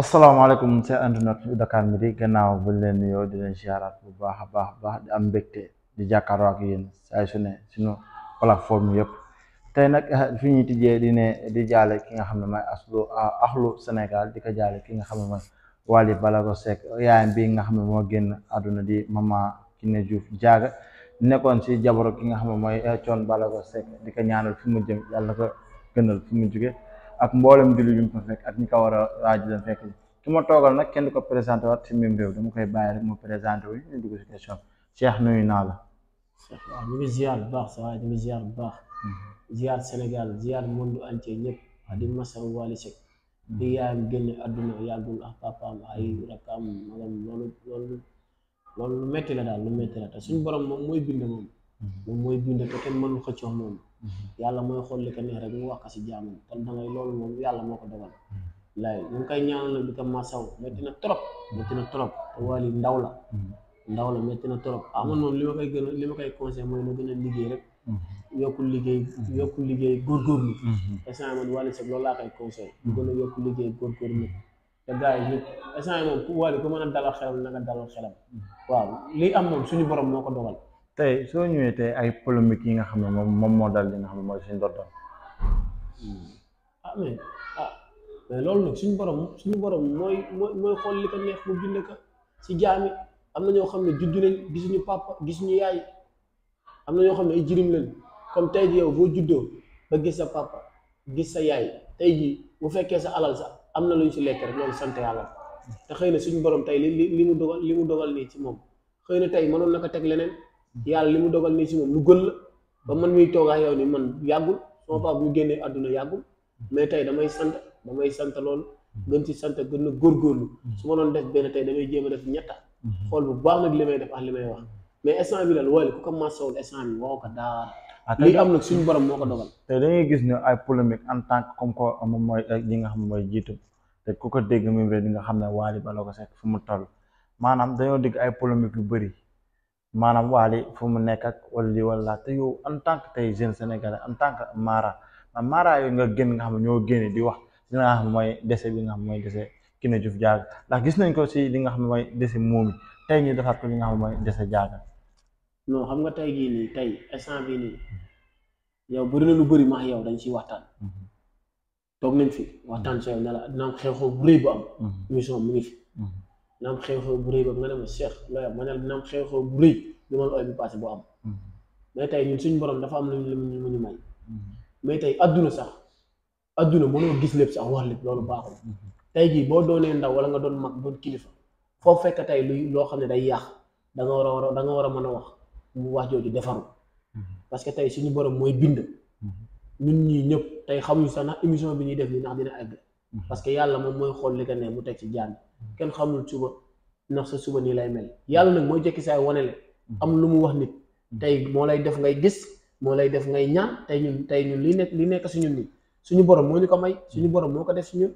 asalaamaaleykum seen internet Dakar di gannaaw bu leen nuyoo di leen siyaaraat bu baax a baax baax di am mbégte di jàkkaarloo ak yéen saa su ne suñu plateforme yëpp tey nag eh, fi ñuy tijjee di ne di jaale ki nga xam ne mooy aslu axlu ah, Sénégal di jaale ki nga xam ne mooy Wally Ballago yaayam bi nga xam ne moo génn àdduna di maman Kiné Diouf Diaga nekkoon si jaboro ki nga xam ne mooy eh, Thione Ballago Seck di ko ñaanal fi mu jëm yàlla na ko gënal fi mu jóge ak mboolem jullit bi mu fa fekk ak ñi ko war a waaj dem fekk ki ma toogal nag kenn du ko présenté waat ci même dama koy bàyyi rek mu présenté wu ñu dugg si question Cheikh nuyu naa la. waaw ñu ngi ziar bu baax sa waay ñu ngi ziar bu baax. Mm-hmm. ziar di masawu Wally mm-hmm. génne àdduna yàggul ak papaam ay rakkaam magam loolu loolu loolu lu metti la daal lu metti la te suñu borom moom mooy bind moom. Mm-hmm. moom mooy bind te kenn mënu xëccoo moom. Mm-hmm. yàlla mooy xool li ko rek mu wax ka si jaamam kon da ngay loolu moom yàlla moo ko dogal mm-hmm. laay ñu ngi koy ñaanal nag di ko masaw métti na trop métti na trop te wàll ndaw la mm-hmm. ndaw la métti na trop amoon ah, moom li ma koy gën a li ma koy conseil mooy na gën a liggéey rek yokku liggéey yokku liggéey góorgóorlu essange moom wàlli sag loolu laa gën a liggéey góorgóorlu te gars yi ñëpp essange moom ku wàlli ku mën a dalal xelam na nga dalal xelam waaw lii am moom suñu borom moo ko dogal tey soo ñëwee tey ay polémique yi nga xam ne moom moom moo dal li nga xam ne mooy suñu dootoon. ah mais ah, nag suñu borom suñu borom mooy mooy mooy xool li ko neex mu bind ko si jaami am na ñoo xam ne juddu nañ gisuñu papa gisuñu yaay am na ñoo xam ne ay jirim lañ comme tey boo juddoo ba gis sa papa gis sa yaay tey bu fekkee sa alal sax am na lu ñu si lekk rek loolu sant yàlla te xëy na suñu borom tey li li mu dogal li mu dogal nii ci moom xëy na tey mënoon na ko teg leneen. yàlla li mu dogal nii si moom lu gën la ba man miy toog ak yow man yàggul sama papa bu génnee àdduna yàggul mais tey damay sant damay sant loolu gën ci sant gën a góorgóorlu su ma doon def benn tey damay jéem a def ñetta xool bu baax nag li may def ak li may wax mais instant bi daal wala ku ko massawul instant li am nag suñu borom moo ko dogal tey dañuy gis ne ay polémique en tant que comme ko moom mooy li nga xam ne mooy jiitu te ku ko dégg même rek nga xam ne Wally Ballago Seck fu mu toll maanaam dañoo dégg ay polémique yu bëri maanaam waali fu mu nekk ak wala lii wala laa te yow en tant que tey jeune sénégalais en tant que mara mara yooyu nga génn nga xam ne ñoo génne di wax li nga xam mooy dese bi nga xam mooy dese Kine Diouf Diaga ndax gis nañ ko si li nga xam ne mooy dese moomi tey ñu defaat ko li nga xam ne mooy dese Diaga non xam nga tey jii nii tey instant bii nii yow bëri lu bëri max yow dañ siy waxtaan mhm. toog nañ fi waxtaan si yow la dina am xew-xew bu bu am mhm. émission mu ngi fi na am xew-xew bu rëy boobu nga ne ma Cheikh looy am ma ne la na am xew bu am mm-hmm. mais tey ñun suñu borom dafa am lu ñu lu ñu may mm-hmm. mais tey adduna sax adduna mënoo gis lépp sax wax lépp loolu baaxul mm-hmm. tey jii boo doonee ndaw wala nga doon mag doon kilifa foo fekk tey luy loo xam ne day yàq da war a war da nga war a mën a wax mu wax jooju defaru parce que tey suñu borom mooy bind ñun ñii ñëpp tey xamuñu sax ndax émission bi ñuy def nii ndax dina egg parce que yàlla moom mooy xool li ko ne mu teg ci jaan kenn xamul suba ndax sa suba nii lay mel yàlla nag moo jekki saa wane leen am lu mu wax nit tey moo lay def ngay gis moo lay def ngay ñaan tey ñun tey ñun li nekk li nekk si ñun nii suñu borom moo ñu ko may suñu borom moo ko def su ñun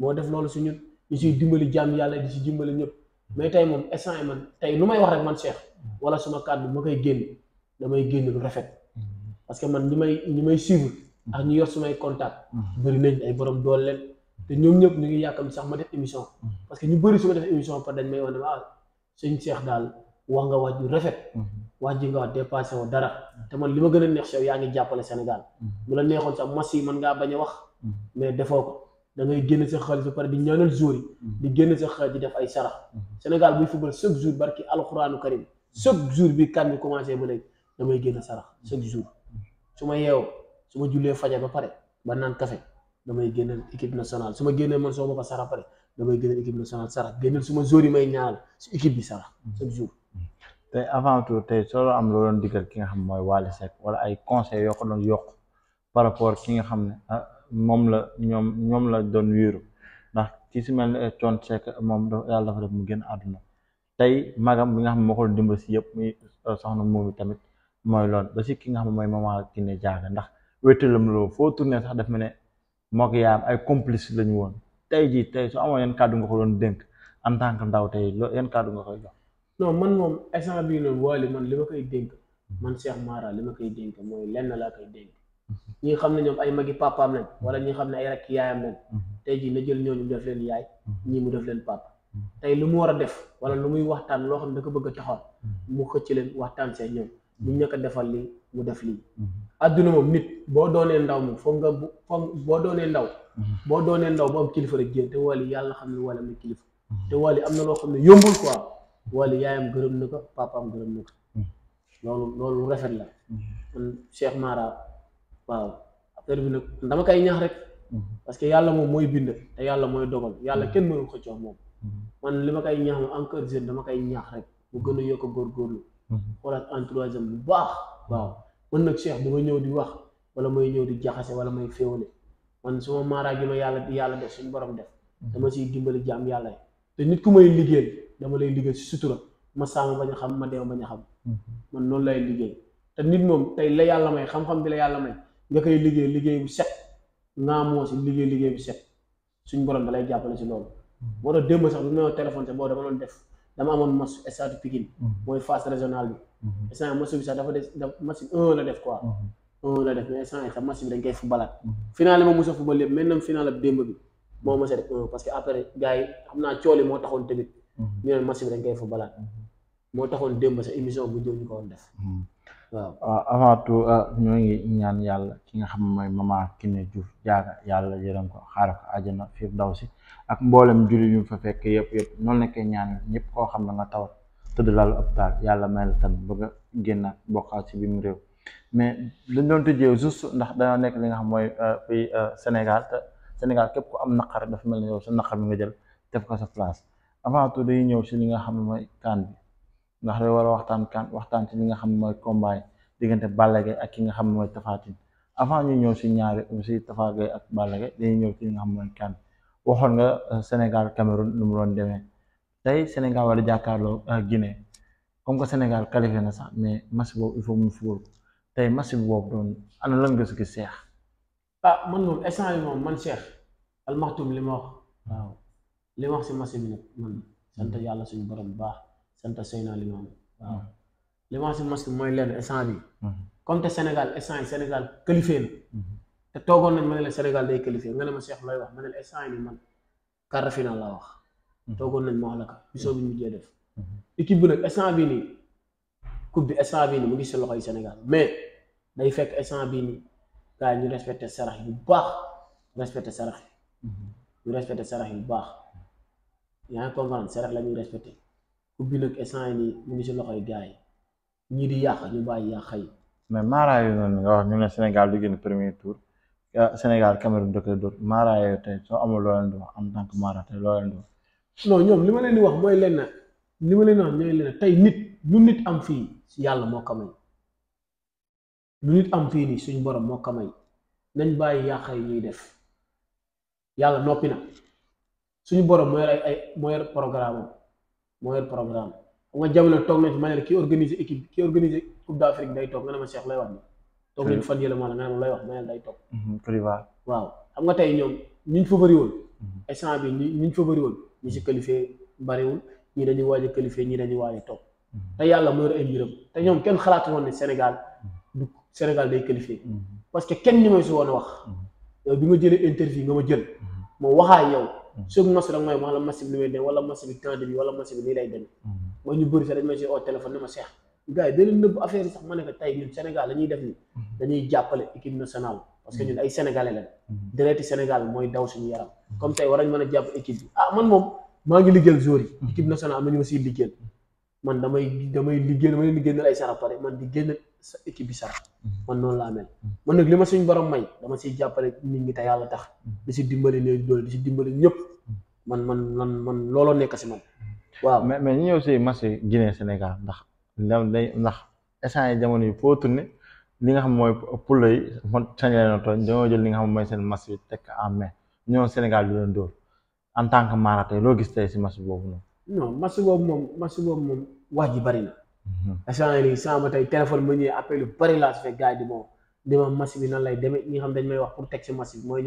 moo def loolu su ñun ñu siy dimbali jaam yàlla di si dimbali ñëpp mais tey moom instant man tey lu may wax rek man Cheikh wala suma kàddu ma koy génn damay génn lu rafet mm-hmm. parce que man ñi may ñi may suivre ak ñu yor sumay contact mm-hmm. bëri ay borom doole leen te ñoom ñëpp ñu ngi yàkkam sax ma def émission mm. parce que ñu bëri su ma def émission par dañ may wax ne ah sëñ Cheikh daal wax nga wax ju rafet mm-hmm. wax ji nga wax dépassé woo dara te man li ma gën a neex yow yaa ngi jàppale Sénégal mu mm-hmm. la neexoon sax mas yi mën ngaa bañ a wax mm-hmm. mais defoo ko da ngay génn sa xaalis ba pare di ñaanal jour yi di génn sa xaalis di def ay sarax Sénégal buy football chaque jour barki alxuraanu karim chaque jour bi kan bi commencé ba léegi damay génn sarax chaque jour su ma yeewoo su ma jullee fajar ba pare ba naan café damay génneel équipe nationale su ma génnee man soo ma ko pare damay génneel équipe nationale sarax génneel su ma jour yi may ñaanal su équipe bi sarax chaque jour. tey avant tout tey soo am loo doon digal ki nga xam mooy Wally Seck wala ay conseils yoo ko doon par rapport ki nga xam ne ah moom la ñoom ñoom la doon wéeru ndax ki su mel ne eh, Thione Seck moom yàlla dafa def mu génn àdduna tey magam bi nga xam ne moo ko doon si yëpp muy eh, soxna moomi tamit mooy lool ba si ki nga xam mooy mooy Mama Kiné Diaga ndax wéttalam mook yaayam ay complice lañu woon tey jii tey su amoon yan kàddu nga ko doon dénk en tant que ndaw tey loo yan kàddu nga koy jox. non man moom instant bii noonu Wally man li ma koy dénk man Cheikh Mara li ma koy dénk mooy lenn laa koy dénk ñi xam ne ñoom ay magi papaam lañ wala ñi xam ne ay rakk yaayam lañ tey jii na jël ñooñu mu def leen yaay ñii mu def leen papa tey lu mu war a def wala lu muy waxtaan loo xam ne da ko bëgg a taxawal mu xëcc leen waxtaan see ñoom ñu ña defal lii mu def lii mm-hmm. adduna moom nit boo doonee ndaw moom foog nga foog boo doonee ndaw mm-hmm. boo doonee ndaw ba am kilifa rek génn te wali yàlla xam ne wala ma kilifa mm-hmm. te wali am na loo xam ne yombul quoi wali yaayam gërëm na ko papaam gërëm na ko loolu loolu rafet la kon Cheikh Mara waaw affaire bi nag dama koy ñax rek parce que yàlla moom mooy bind te yàlla mooy dogal yàlla kenn mënu ko jox moom man li ma koy ñaax moom encore jeune dama koy ñaax rek mu gën a yokk góorgóorlu xoolaat entourage am bu baax waaw man nag cheikh dama ñëw di wax wala may ñëw di jaxase wala may féewale man suma ma gi ma yàlla yàlla def suñu borom def mhm. dama siy dimbali jaam yàlla te nit ku may liggéeyal dama lay liggéey si sutura ma saama bañ a ma deew bañ a xam mhm. man noonu lay liggéey te nit moom tey la yàlla may xam-xam bi la yàlla may nga koy liggéey liggéey bu set ngaa moo si liggéey liggéey bu set suñ borom da lay jàppale si loolu mhm. moo tax démb def dama amoon match stade Pikine mhm. mooy phase régionale bi mhm. instant match bi sax dafa des match bi def quoi mhm. def mais instant yi sax match bi dañ koy footballaat final ma mos a football lépp maintenant final ab démb bi moo mos def parce que après gars yi xam naa cool yi moo taxoon tamit ñu ne match bi dañ koy footballaat moo taxoon démb sa émission bu jëm ñu ko woon def waaw ah, avant tout ah, ñoo ngi ñaan yàlla ki nga xam mooy mama Kiné Diouf Diaga yàlla yërëm ko xaar ko àjjana fii daw si ak mboolem julli ñu fa fekk yëpp yëpp noonu la koy ñaan ñëpp koo xam ne nga taw tëdd lalu hôpital yàlla may la tam bëgg a génnaat bokkaat si bi mu réew mais dañ doon tëjee juste ndax dañoo nekk li nga xam mooy ah, fii Sénégal te Sénégal képp ku am naqar dafa mel ni yow sa naqar mi nga jël def ko sa place avant tout dañuy ñëw si li nga xam ne mooy ndax day war a waxtaan kan waxtaan ci li nga xam ne mooy combat diggante Balla Gaye ak ki nga xam ne mooy Tapha avant ñu ñëw si ñaari si Tapha Gaye ak Balla Gaye dañuy ñëw ci nga xam ne mooy kan waxoon nga euh, Sénégal Cameroun nu mu doon demee tey Sénégal wala jàkkaarloo euh, Guinée comme que Sénégal qualifié na sax mais match boobu il faut mu fuul tey match bi boobu doon ana lan nga si gis Cheikh. ah man moom instant man Cheikh almaxtum li ma wax. waaw li hmm. yàlla suñu borom bu baax. sant Seydina Limamou waaw hmm. li ma si masque mooy lenn instant bi hmm. comme te Sénégal instant yi Sénégal qualifié na hmm. te toogoon nañ ma ne la Sénégal day qualifié nga ne ma Cheikh looy wax ma ne la instant yi man quart de finale laa wax toogoon nañ ma wax la ka mission bi ñu mujjee def équipe bi nag instant bii nii coupe bi instant bii nii mu ngi si loxo Sénégal mais day fekk instant bii nii ñu respecté sarax bu baax respecté sarax yi ñu respecté sarax yi bu baax yaa ngi comprendre sarax la ñuy respecté ubbi nag instant nii mu ngi si loxoy gars yi ñii di yàq ñu bàyyi yàq yi. mais Mara yooyu noonu nga wax ñu ne Sénégal du génn premier tour ah, Sénégal Cameroun da koy Mara yooyu tey soo amul loo leen di wax en tant Mara tey loo leen di wax. non ma leen di wax mooy lenn li ma leen di wax ñooy lenn tey nit lu nit am fii si yàlla moo ko may lu nit am fii nii suñu borom moo ko nañ bàyyi yàq yi ñuy def yàlla noppi na suñu borom mooy ay ay mooy programme moo yor programme nga jamono toog na ci ma ne la ki organiser équipe ki organiser Coupe d'Afrique day toog nga ne ma Cheikh lay wax ni toog nga ne ma lay wax mhm, waaw xam nga tey ñoom ñu ñu fa bëri woon mhm. instant bi ñu ñu fa bëri woon ñu si ñii dañuy waaj a qualifié ñii dañuy waaj a toog mhm. te yàlla moo yor ay mbiram te ñoom kenn xalaatu woon ne Sénégal du Sénégal day qualifié parce que kenn ñi may si woon wax yow bi nga jëlee interview nga ma jël moo waxaa yow Mm. soog match rek mooy ma la match bi li muy dem wala match bi temps bi wala match bi lii lay demee mm. mooy ñu bëri sax dañ ma ci oo téléphone ne ma seex gars yi def nii mm. dañuy jàppale équipe nationale parce que ñun ay sénégalais lañ direct Sénégal mooy daw suñu yaram comme tey war nañ mën a jàpp équipe bi ah man moom maa ngi liggéeyal joueurs yi équipe nationale am na ñu ma siy liggéeyal man damay damay liggéey damay leen di génneel ay sarax pare man di génne équipe bi sarax mm-hmm. man noonu laa mel mm-hmm. man nag li ma suñ borom may dama siy jàppale nit ñi te yàlla tax mm-hmm. di si dimbali ne doole di ñëpp man man man man looloo nekk si man waaw mais mais ñu si match Guinée Sénégal ndax day ndax instant jamono yi foo tourné nga xam mooy poule yi man sañale na tooñ jël li nga xam mooy seen match bi teg en mai ñoo Sénégal di leen dóor en tant que Mara tey loo gis tey si match boobu noonu non boobu moom match boobu moom wax ji bari na. instant mhm. yii sama ba tey téléphone ma ñëwee appel lu bari laa su fekk gars yi di ma woo di ma match bi nan lay demee ñi xam dañ mhm. dañ may wax pour ma bi. Mhm. la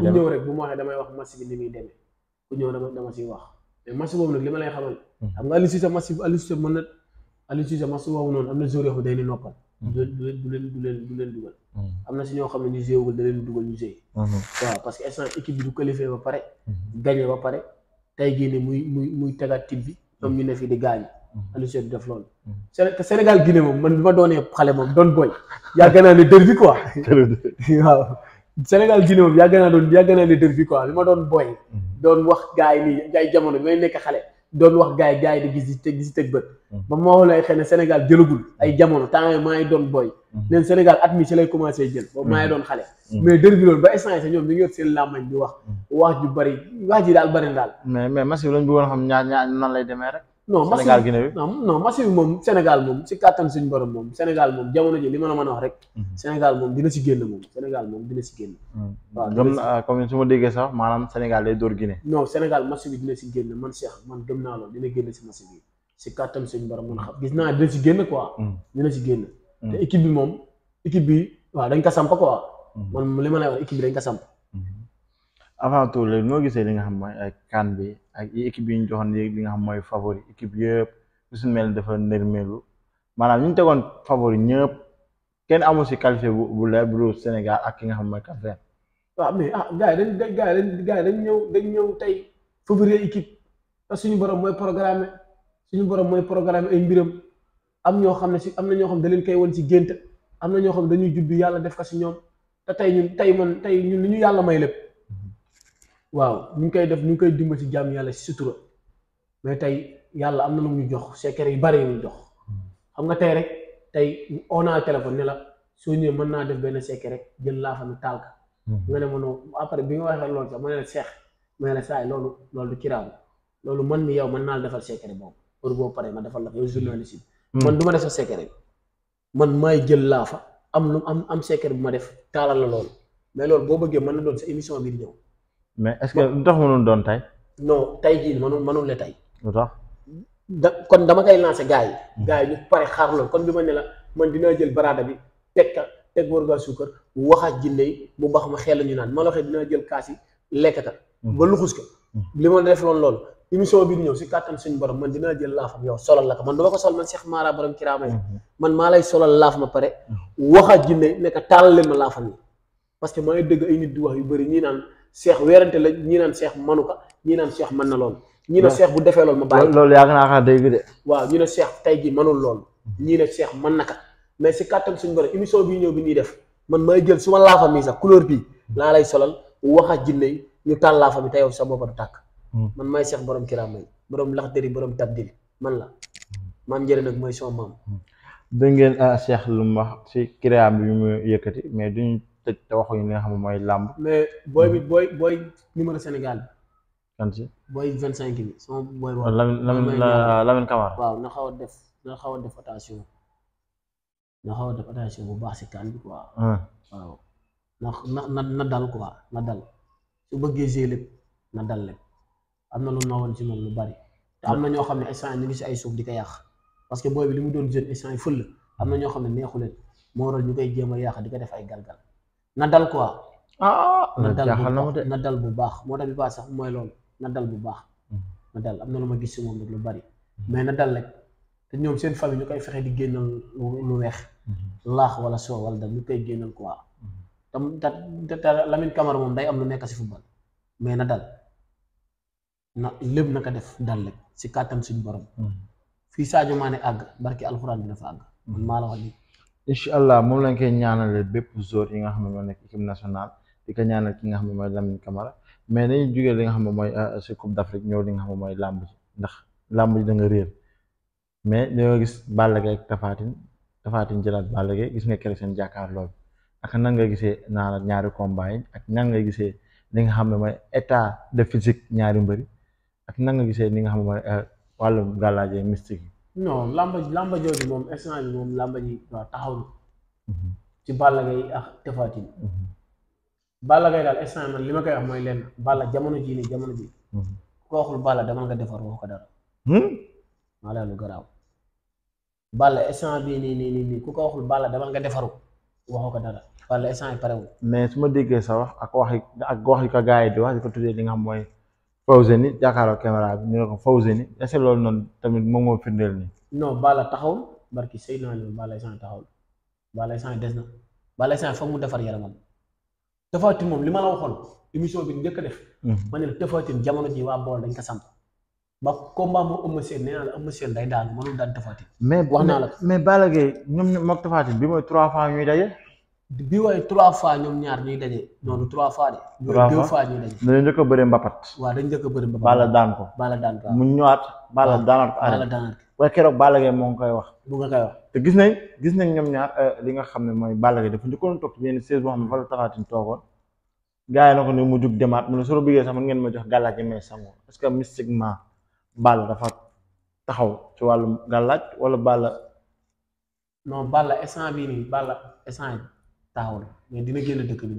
ni muy demee. ku ñëw ma waxee dama dama siy wax mais match boobu nag li ma lay xamal. xam nga Aliou Cissé match bi Aliou Cissé mën na Aliou Cissé match boobu noonu xam ne day leen noppal. Mm. du leen du leen dugal. Mm. am na si ñoo xam ne ñu jéewul da leen dugal ñu jéey. Mm-hmm. waaw parce que instant équipe bi du qualifié ba pare. Mm-hmm. gagné ba pare tey génne muy muy muy tegaat bi ñoom ñu ne fii di gaañ. Mm-hmm. Aliou Cissé du def loolu. Sénégal Guinée moom man bi ma doonee xale moom doon boy yàgg naa ne dër bi quoi. waaw Sénégal Guinée moom yàgg naa doon yàgg naa ne dër bi quoi li ma doon boy doon wax gars nii ay jamono bi may doon wax gaay gaay di gis di gis teg bët mm. ba moo lay xëy ne Sénégal jëlagul mm. ay jamono temps yii maa ngi doon booy mm. neen Sénégal at mi ci lay commencé jël boobu maa doon xale mais dër loolu ba instant sa ñoom ñu ngi yor seen làmmañ di wax wax ju bari wax ji daal bari na daal mais mais match bi lañ bëggoon xam ñaar ñaar nan lay demee rek non Sénégal Guinée bi non moom Sénégal moom si kàttan suñu borom moom Sénégal moom jamono ji li ma la mën a wax rek. Mhm. Sénégal moom dina si génn moom Sénégal moom dina si génn. Mhm. waaw gëm comme su ma maanaam Sénégal day dóor Guinée. non Sénégal match bi dina si génn man Cheikh man gëm naa loolu dina génn si match bi si kàttan suñu borom man xam gis naa dina si génn quoi. Mhm. dina si génn. te équipe bi moom équipe bi waaw dañ ka samp quoi. man li ma lay wax équipe bi dañ ko samp. avant tout léegi noo gisee li nga xam mooy kan euh, bi ak équipe yi ñu joxoon li nga xam mooy favori équipe yëpp bu su mel dafa nërmeelu maanaam ñu ñu tegoon favori ñëpp kenn amu si qualifié bu bu leer bu Sénégal ak ki nga xam mooy Cap-Vert. waaw ah, dañ gars yi ñëw tey favori équipe suñu borom mooy programme suñu borom mooy programme ay mbiram am ñoo xam ne si am na ñoo xam da leen koy si gént am na ñoo xam dañuy judd yàlla def ko si ñoom te tey ñun tey man tey ñun li ñu yàlla may lépp. waaw ñu ngi koy def ñu ngi koy dimbali ci jàmm yàlla si sutura mais tey yàlla am na lu ñu jox secret yu bari yu ñu jox xam nga tey rek tey on a téléphone ne la soo ñëwee mën naa def benn secret rek jël laa fa mu taal hmm. ne ma non après bi nga waxee loolu sax ma ne la ma ne la loolu loolu ci raaw loolu man mi yow mën naa defal secret boobu heure boobu pare ma defal la yow journaliste bi hmm. man du ma def sa secret bi man maay jël laa fa am lu am am secret bu ma def taalal la loolu mais loolu boo bëggee mën na doon sa émission bi ñëw. mais est ndox que doon tey. non tey jii mënul mënul la tey. lu tax da kon dama koy lancé gars yi. gars yi ñu pare xaar loolu kon bi ma ne la man dinaa jël baraada bi teg ka teg war ngaa suukar waxaat jinne yi bu baax ma xel ñu naan ma la waxee dinaa jël kaas yi lekk ka hmm. ba luxus ko. Hmm. li ma def loon loolu émission bi ñëw si kàttan suñu borom man dinaa jël laafam yow solal la ko man dama ko sol man Cheikh Mara borom kiraama hmm. man maa lay solal laaf ma pare waxaat jinne nekk taalal leen ma laafam yi parce que maa dëgg ay nit di wax yu bëri ñii naan seex weerante la ñii naan seex manu ko ñii naan seex man na lool. ñii seex bu defee loolu ma bàyyi loolu yaakaar naa xaar dégg de. waaw ñu seex tey jii manul loolu ñii ne seex man na ko mais si kàttan suñu borom émission bii ñëw bi ñuy def man may jël suma ma laafa sax couleur bi laa lay solal wax a jinne yi ñu taal laafa bi te yow sa boppam tàkk. Hmm. man may seex borom kiraama yi borom laxdari borom tabdil man la man njëriñ nag mooy sama maam. Hmm. Hmm. dégg ngeen ah, lu mu wax tëj te waxuñu li nga xam mooy làmb. mais booy bi hmm. booy booy numéro Sénégal bi. kan ci booy vingt cinq bi sama booy. waaw Lamine Lamine Lamine Camara. waaw na xaw a def na xaw a def attention na xaw a def attention bu baax si kan bi quoi. Hmm. waaw na na na dal quoi na dal su bëggee gérer lépp na dal lépp am na lu nawoon ci moom lu bari te am na ñoo xam ne instant ñu ngi si ay suuf di ko yàq parce que booy bi li mu doon jeune instant yi fël am na ñoo xam ne neexu leen moo waral ñu koy jéem a yàq di ko def ay galgal na dal quoi. ah hmm, na dal bu baax moo tax bi baax sax mooy loolu na dal bu baax. Hmm. na dal am na lu ma gis si moom lu bari hmm. mais na dal rek te ñoom seen famille ñu koy fexe di génnal lu weex. laax wala soo wala dal ñu koy génnal quoi. tam te te Lamine Camara moom day am lu nekk si football mais na dal na na ko def dal rek si kàttan suñu borom. fii Sadio Mané àgg barki alxuraan dina fa àgg. man maa la wax incha allah moom lañ koy ñaanale bépp joueur yi nga xam ne ñoo nekk équipe nationale di ko ki nga xam ne mooy Lamine mais dañuy jógee li nga xam mooy si euh, Coupe d'Afrique ñëw mooy làmb ji ndax làmb ji da nga réer mais dañoo gis Balla Gaye ak Tapha Tine Tapha Tine jëlaat gis nga keroog seen jàkkaarloo bi ak nan nga gisee naa ñaari combat yi ak nan nga gisee ni nga xam ne mooy état de physique ñaari mbëri ak nan nga gisee ni nga xam ne mooy euh, wàllum gàllaajee mystique non lamba lamba jooju moom instant bi moom lamba ji waaw taxaw na mhm. ci Balla Gaye ak Tapha Tine mhm. Balla daal instant man li ma koy wax mooy lenn Balla jamono jii nii jamono ji mhm. ko waxul Balla demal defar wax ko dara hmm? maa la lu garaaw Balla instant bii nii nii nii ku ko waxul Balla demal nga defaru waxoo ko dara Balla instant yi parewul mais su ma déggee sa wax ak waxi ak wax yi ko gars yi wax di ko tuddee li nga xam mooy Fawzeni jàkkaarloo caméra bi ñu ne ko Fawzeni est ce loolu noonu tamit moom moo firndeel nii. non Balla taxawul barki sëy naa ne Balla Sane taxawul Balla Sane des na Balla Sane foog mu defar yaramam Tapha Tine moom li ma la waxoon émission bi njëkk a def. Hmm. ma ne la Tapha ji waa bool dañ ko samp ba combat mu Eumeu Sène nee naa la Eumeu Sène day daanu mënul daan Tapha Tine. wax naa la mais mais Balla Gaye ñoom ñoom moog bi mooy trois fois bi waaye trois fois ñoom ñaar ñuy daje noonu trois fois de. dañu njëkk a bëri mbapat. bëri mbapat. Balla daan ko. Balla daan ko mu ñëwaat. Balla daanaat ko Balla daanaat ko. waaye keroog Balla Gaye moo ngi koy wax. mu nga koy wax te gis nañ gis nañ ñoom ñaar euh, li nga xam ne mooy Balla Gaye dafa njëkkoon toog benn siège boo xam ne fa la taxaatin toogoon. gars yi na ko ne mu jug demaat mu ne soo bëggee sax mën ngeen ma jox gàllaaj yi may sangu est-ce que taxaw ci wàllu gàllaaj wala Balla. non Balla instant bii nii Balla instant taxaw na mais dina génn dëkk bi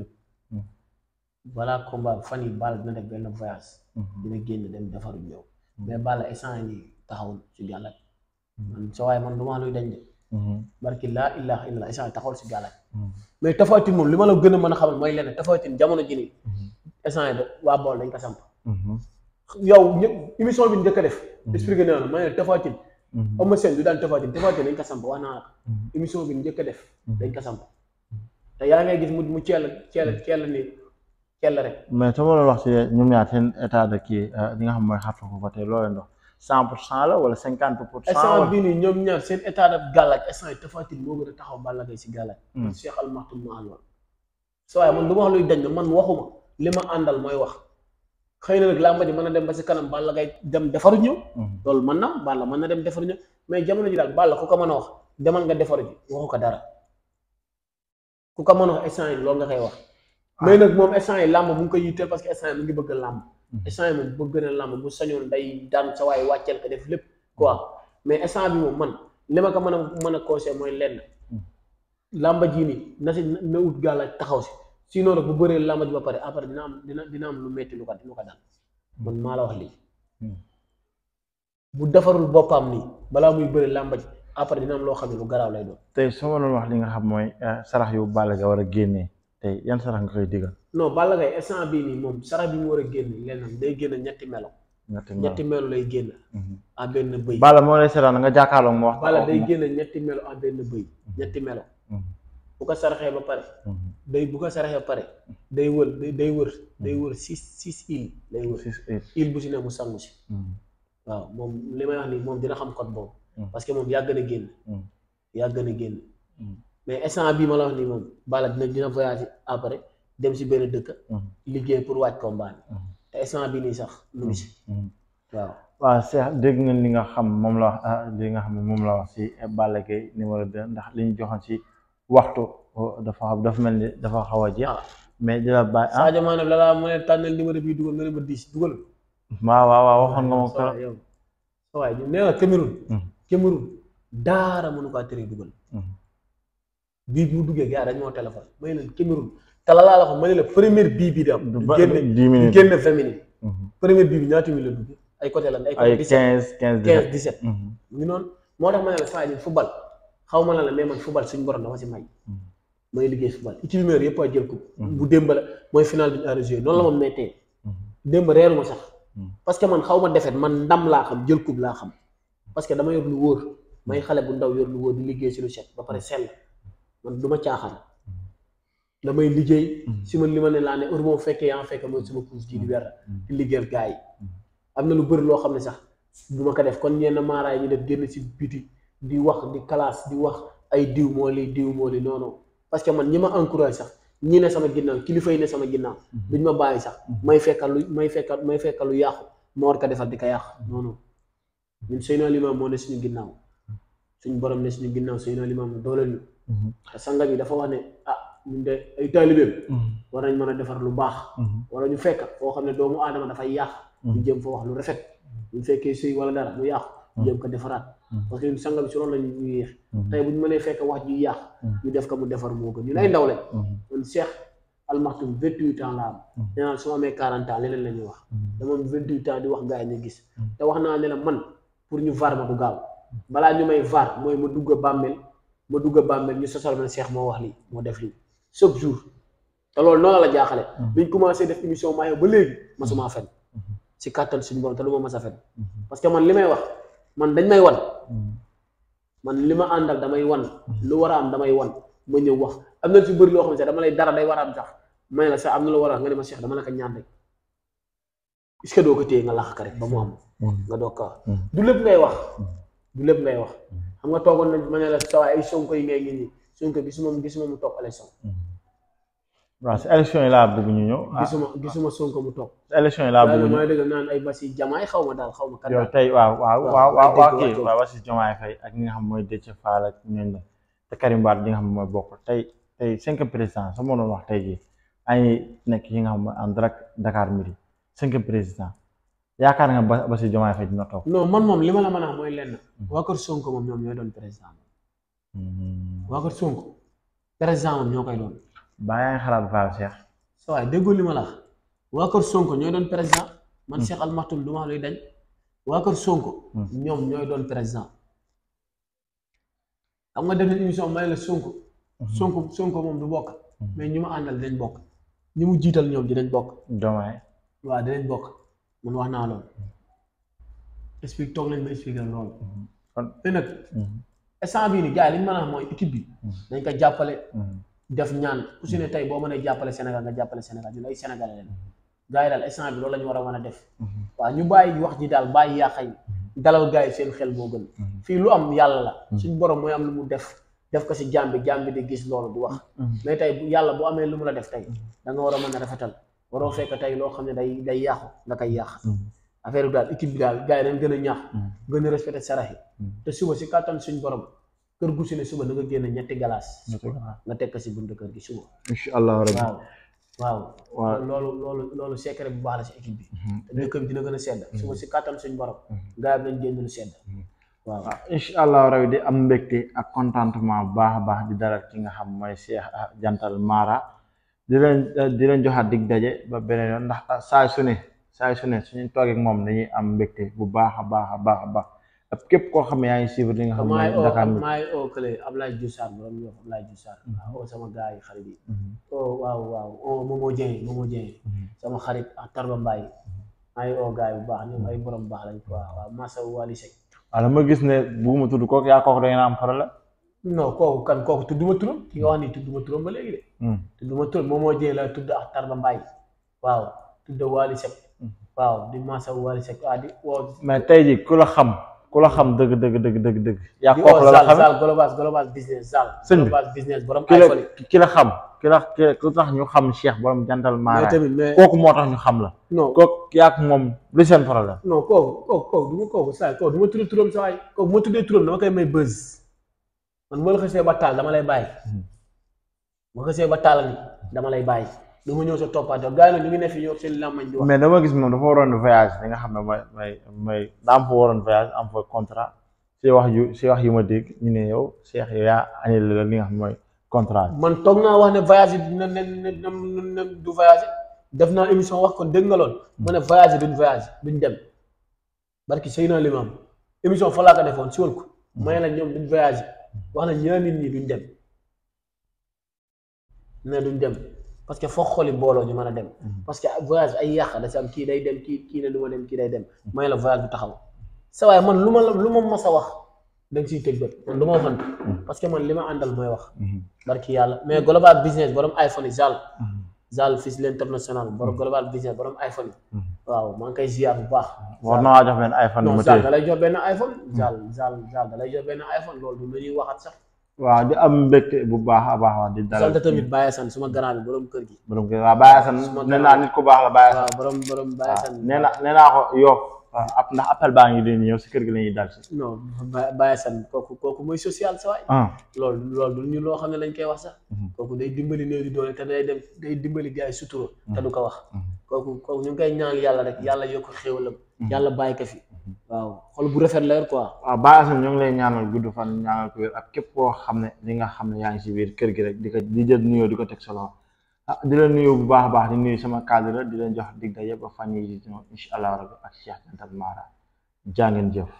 balaa hmm. combat fan yi Balla dina def benn voyage. Hmm. dina génn dem defaru ñëw. Hmm. mais Balla instant yii taxawul si gàllaaj. man sa waay man du maa luy dañ de. barki laa illaaha illallaah instant taxawul si gàllaaj. mais Tapha Tine moom li ma a gën a mën a xamal mooy leneen Tapha Tine jamono ji nii. instant waa bool dañ ko samp. yow ñëpp émission bi njëkk a def. expliqué naa la ma ne Tapha Tine. Eumeu Sène du daan Tapha Tine Tapha Tine dañ ko samp wax naa la bi njëkk a def. dañ ko te yaa ngay gis mu mu ceel ceel ceel nii ceel rek. mais sama loolu wax ci ñoom ñaar seen état de kii euh, li nga xam mooy xar foofu ba tey loolu ndox cent pour cent la wala cinquante pour cent. bii nii ñoom ñaar seen état de gàllaaj instant yi Tapha Tine moo gën a taxaw Balla Gaye si gàllaaj. Hmm. Cheikh Al Maktoum ma àndoon. soo waaye man du wax luy dañ man waxuma li ma àndal mooy wax xëy na nag làmb ji mën na dem ba si kanam Balla Gaye dem defar ñëw. Hmm. loolu mën na Balla mën na dem defaru ñëw mais jamono ji daal Balla ku ko mën a wax demal nga defaru ji waxu ko dara. ku ko mën a wax instant loolu nga koy wax. Ah. mais nag moom instant yi làmb mu ngi koy yitteel parce que instant mu ngi bëgg a làmb. Mm-hmm. instant yi moom bëgg na làmb bu sañoon day daan sa waay wàcceel ko def lépp quoi mm-hmm. mais instant bi moom man li ma ko mën a mën a conseil mooy lenn. Mm-hmm. làmba ji nii na si na ut gàlla taxaw si si rek bu bëree làmba ba pare après dina am dina dina am lu metti lu ko lu ko daan man maa la wax lii. bu defarul boppam nii balaa muy bëri làmba ji après dina am loo xam ne lu garaaw lay doon. tey soo waroon wax li nga xam mooy eh, sarax yu bala Gaye war a génnee tey yan sarax nga koy digal. non Balla Gaye instant bii nii moom sarax bi mu war a génne lenn day génne ñetti melo. ñetti melo ñetti lay génn. en mhm. benn bëy. Balla moo lay seetaan nga jàkkaarloo mu wax. Balla day génne ñetti melo en benn bëy mhm. ñetti melo. Mhm. bu ko saraxee ba pare. day bu ko saraxee ba pare day wër day wër day wër six six îles lay wër. six bu si ne mu sangu si. waaw moom li may wax nii moom xam code boobu. Mm. parce que moom yàgg na génn. Mm. yàgg na génn. Mm. mais instant bii la wax nii moom Balla dina dina voyager après bi. te instant sax lu dégg nga li nga xam moom la wax ah, li nga xam moom la wax si Balla Gaye numéro ndax li ñu joxoon si waxtu oh, dafa xam dafa mel ni dafa xaw a jeex. Ah. mais di la bàyyi ah laa mën a dugal nga ne ma 10 dugal. waaw waaw waxoon nga ma keroog. waaw nee na Cameroun. Cameroun daara mënu kaa tere dugal. Mhm. bii bu duggee gars dañ moo téléphone may leen Cameroun te la ma première bii bi di am. du mhm. première bii bi ñaata minutes la dugg ay côté lan ay. ay quinze quinze dix-sept mhm. moo tax ma ne la football xaw ma la la mais man football suñu borom dafa si may. may liggéey football équipe meilleur a jël ko. bu démb la mooy final bi ñu arrangé noonu la ma méttee. démb reeruma sax. parce que man xaw ma defet man ndam laa xam jël coupe laa xam. parce que dama yor lu wóor may hmm. xale bu ndaw yor lu wóor di liggéey si lu set ba pare sell man du ma caaxaan hmm. damay liggéey hmm. si man li ma ne laa ne heure boo fekkee yaa fekk mooy sama puus ji di wer am na lu bëri loo xam ne sax du ma ko def kon ñenn maaraay ñu def génn si biti di wax di classe di wax ay diw moo li diw moo parce que man ñi ma encourage sax ñi ne sama ginnaaw kilifa yi sama ginnaaw duñ ma bàyyi sax may fekkal lu may fekkal may fekkal lu yàqu ma war ko defal di ko yàq non ñun Seydina Limaam moo ne suñu ginnaaw suñu borom ne suñu ginnaaw Seydina Limaam doole ñu. Mhm. te sanga bi dafa wax ne ah ñun de ay taalibeem. Mhm. war nañ mën a defar lu baax. Mhm. wala ñu fekk foo xam ne doomu aadama dafay yàq. ñu jëm fa wax lu rafet. ñu fekkee sëy wala dara mu yàqu. ñu jëm ko defaraat. parce que ñun sanga bi si loolu la ñuy yéex. tey bu ñu mënee fekk wax ju yàq. ñu def ko mu defar moo gën ñun ay ndaw lañ. kon Cheikh Almakhtoum vingt huit ans am. nee naa su ma amee quarante la ñuy wax. dama am vingt di wax gaa gis. naa pour ñu var ma du gaaw balaa ñu may var mooy ma dugg a bàmmeel ma dugg a bàmmeel ñu sosal man seex moo wax lii moo def lii chaque jour te loolu noonu la jaaxale. Mm-hmm. biñ commencé def émission maayo ba léegi mm-hmm. masumaa fen mm-hmm. si kàttan suñu borom te lu ma mas a fen parce que man li may wax man dañ may wan man li ma àndal damay wan lu war a am damay wan ma ñëw wax am na ci bëri loo xam ne sax dama lay dara day war a am sax may la sax am na lu war a nga ne ma est que doo ko téye nga laax ka rek ba mu am. Mm. nga doog ka mm. du lépp ngay wax. Mm. du lépp ngay wax xam nga toogoon nañ ma ne la sa ay Sonko yi ngay ngi nii Sonko gisuma gisuma mu toog élection. waaw si élection yi laa bëgg ñu ñëw. Ah. gisuma gisuma Sonko mu toog. si élection yi laa bëgg ñu mooy dëgg naan ay Basi Jamaay xaw ma daal xaw ma. yow tey waaw ak ñi nga xam mooy Déthié Fall ak la te Karim Wade nga xam mooy bokk tey tey cinq président sa mënoon wax tey ay nekk yi nga xam mooy en direct Dakar Midi. cinq président yaakaar nga ba ba si Diomaye Faye dina toog. man moom li ma la mën a mooy lenn. waa kër Sonko moom ñoom ñooy doon président. Hmm. waa kër Sonko ñoo koy doon. baa yaa ngi xalaat déggoo li ma la waa ko sonk ñooy doon président. man hmm. Cheikh Al Maktoum du ma luy dañ. waa ko sonk hmm. ñoom ñooy doon président. xam nga def nañ émission may la Sonko. Sonko moom du bokk. mais ñu mu àndal dañ bokk. ñu mu jiital ñoom dinañ bokk. Diomaye. waaw dinañ bokk man wax naa loolu explique toog nañ ma expliqué loolu kon te nag mhm. yi li ñu mën a xam mooy équipe bi dañ mhm. ko jàppale mhm. def ñaan ku si ne tey boo mënee jàppale Sénégal nga jàppale Sénégal ñun ay Sénégalais lañ gars yi daal instant loolu la war a mën a def waa ñu bàyyi wax ñi daal bàyyi yàqa yi dalal gaa yi seen xel boo gën fii lu am yàlla la suñ borom mooy am lu mu def def ko si jàmbi jàmbi di gis loolu di wax mais tey yàlla bu amee lu mu la def tey da nga war a mën a rafetal waroo fekk tey loo xam ne day day yàqu nga koy yàq. Mm. affaire bi daal équipe bi daal gars yi dañ gën a ñax mm. gën a respecté mm. te suba si kattan suñ borom kër gu si ne suba na nga ñetti galaas. nga teg ko si buntu kër gi suba. incha allah rabbi waaw. waaw waaw loolu loolu loolu bu baax la si équipe bi. Mm-hmm. dëkk dina gën a sedd. Mm-hmm. su si kattan suñu borom. Mm-hmm. gars yi nañ sedd. waaw ah, di am mbégte ak contentement bu baax a baax di dalal ki nga xam mooy Cheikh Jantal Mara di leen di leen joxaat digg daje ba beneen yoon ndax saay su ne saay su ne suñu toogee moom dañuy am mbégte bu baax a baax a baax a baax ak képp koo xam ne yaa ngi suivre li nga xam ne Dakar mi maa ngi oo kële Ablaye Diouf Sarr loolu ñu wax Ablaye Diouf Sarr mm-hmm. waaw sama gars yi xarit yi mm-hmm. oo waaw waaw oo Momo Dieng Momo Dieng mm-hmm. bu baax ñoom ay borom baax lañ quoi waaw Massa Wali Seck wala ma gis ne bugguma tudd kooku yaa kooku da ngeen am problème non kooku kan kooku tudduma turam ki nga tudduma turam ba léegi de. Hmm. tudduma turam moom moo jëlee la tudd ak Tarba Mbaye waaw tudd Waly hmm. Seck waaw di Massa Waly Seck ah di ku la xam ku la xam dëgg dëgg dëgg dëgg dëgg. yaa kooku la la xam di woo Zal la xam. ki xam Cheikh borom jantal maara kooku moo tax ñu xam la. kooku yaa moom lu seen problème. non man bu ma xësee ba taal dama lay bàyyi hmm. bu xësee ba taal ni dama lay bàyyi du ma ñëw sa toppaatoo gars yi ñu ngi ne fi ñëw seen làmmañ mais dama gis moom dafa waroon voyage li nga xam ne mooy mooy mooy daa am fa am fa contrat si wax yu si wax yu ma dégg ñu ne yow Cheikh yow yaa annulé la li xam mooy contrat man toog naa wax ne voyage yi dina ne ne du voyage def naa émission wax kon dégg nga lool ma ne voyage duñ voyage duñ dem barki sëy naa limaam émission fa ko defoon siwal ko hmm. may na ñoom duñ voyage wax nañ ñoo nit ñi duñ dem ne duñ dem parce que foog xooli mbooloo ñu man a dem mm-hmm. parce que voyage bi ay yàq da si am kii day dem kii kii ne du dem kii day dem mooy la voyage bu taxaw sa waaye man lu ma la lu ma mas a wax da nga siy man du ma waxante mm-hmm. parce que man li ma àndal mooy wax mm-hmm. barki yàlla mais global business borom iPhone yi jàll Zal fils l'international borom hmm. global business borom iPhone yi. Hmm. waaw maa ngi koy bu baax. war na laa jox benn iPhone. non Zal da lay jox benn iPhone. Hmm. Zal Zal Zal da lay jox benn iPhone loolu du lu ñuy waxat sax. waaw di am mbégte bu baax a baax di dalal sant tamit Baye Assane suma grand bi borom kër gi. borom kër gi waaw Baye Assane nee naa nit ku baax la Baye Assane. waaw naa ko Yoff. waaw ah, ab ndax appel baa ngi leen ñëw si kër gi lañuy ñuy dal si. non Baye Assane kooku kooku muy social sa waay. Ah. loolu loolu du ñu loo xam ne lañ koy wax sax. Mhm. kooku day dimbali néew doole te day dem day dimbali gaa yi sutura. te mhm. du ko wax. Mhm. kooku kooku ñu ngi ñaan yàlla rek yàlla yokk xéwalam. yàlla bàyyi ko fi. waaw xol bu rafet la quoi. waaw ah, Baye Assane ñoo ngi lay ñaanal gudd fan ñaanal ko wér ak képp koo xam ne li nga xam ne yaa ngi si biir kër gi rek di ko di jël nuyoo di ko teg sa ah di leen nuyu bu baax a baax di nuyu sama cadre di leen jox dig day ba fan yii di ñëw allah rabbi ak Cheikh Kantal Mara jaa jëf.